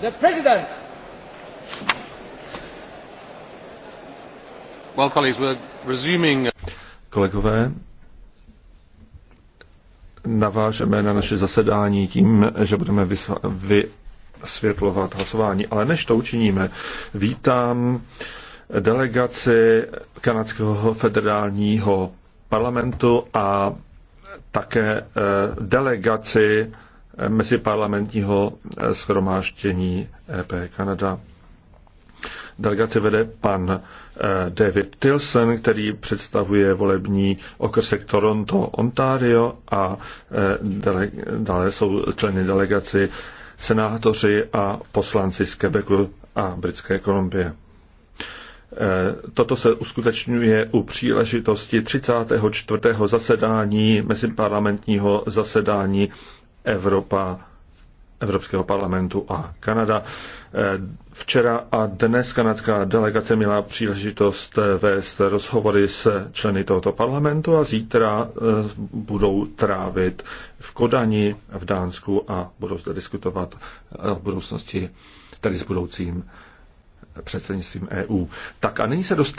The President. Well, colleagues, we're resuming. Kolegové, navážeme na naše zasedání tím, že budeme vysvětlovat hlasování. Ale než to učiníme, vítám delegaci Kanadského federálního parlamentu a také eh, delegaci meziparlamentního schromáždění EP Kanada. Delegaci vede pan eh, David Tilson, který představuje volební okrsek Toronto, Ontario a eh, dele, dále jsou členy delegaci senátoři a poslanci z Quebecu a Britské Kolumbie. Eh, toto se uskutečňuje u příležitosti 34. zasedání meziparlamentního zasedání Evropa, Evropského parlamentu a Kanada. Eh, včera a dnes kanadská delegace měla příležitost vést rozhovory s členy tohoto parlamentu a zítra eh, budou trávit v Kodani v Dánsku a budou zde diskutovat eh, o budoucnosti, tedy s budoucím předsednictvím EU. Tak a nyní se dostáváme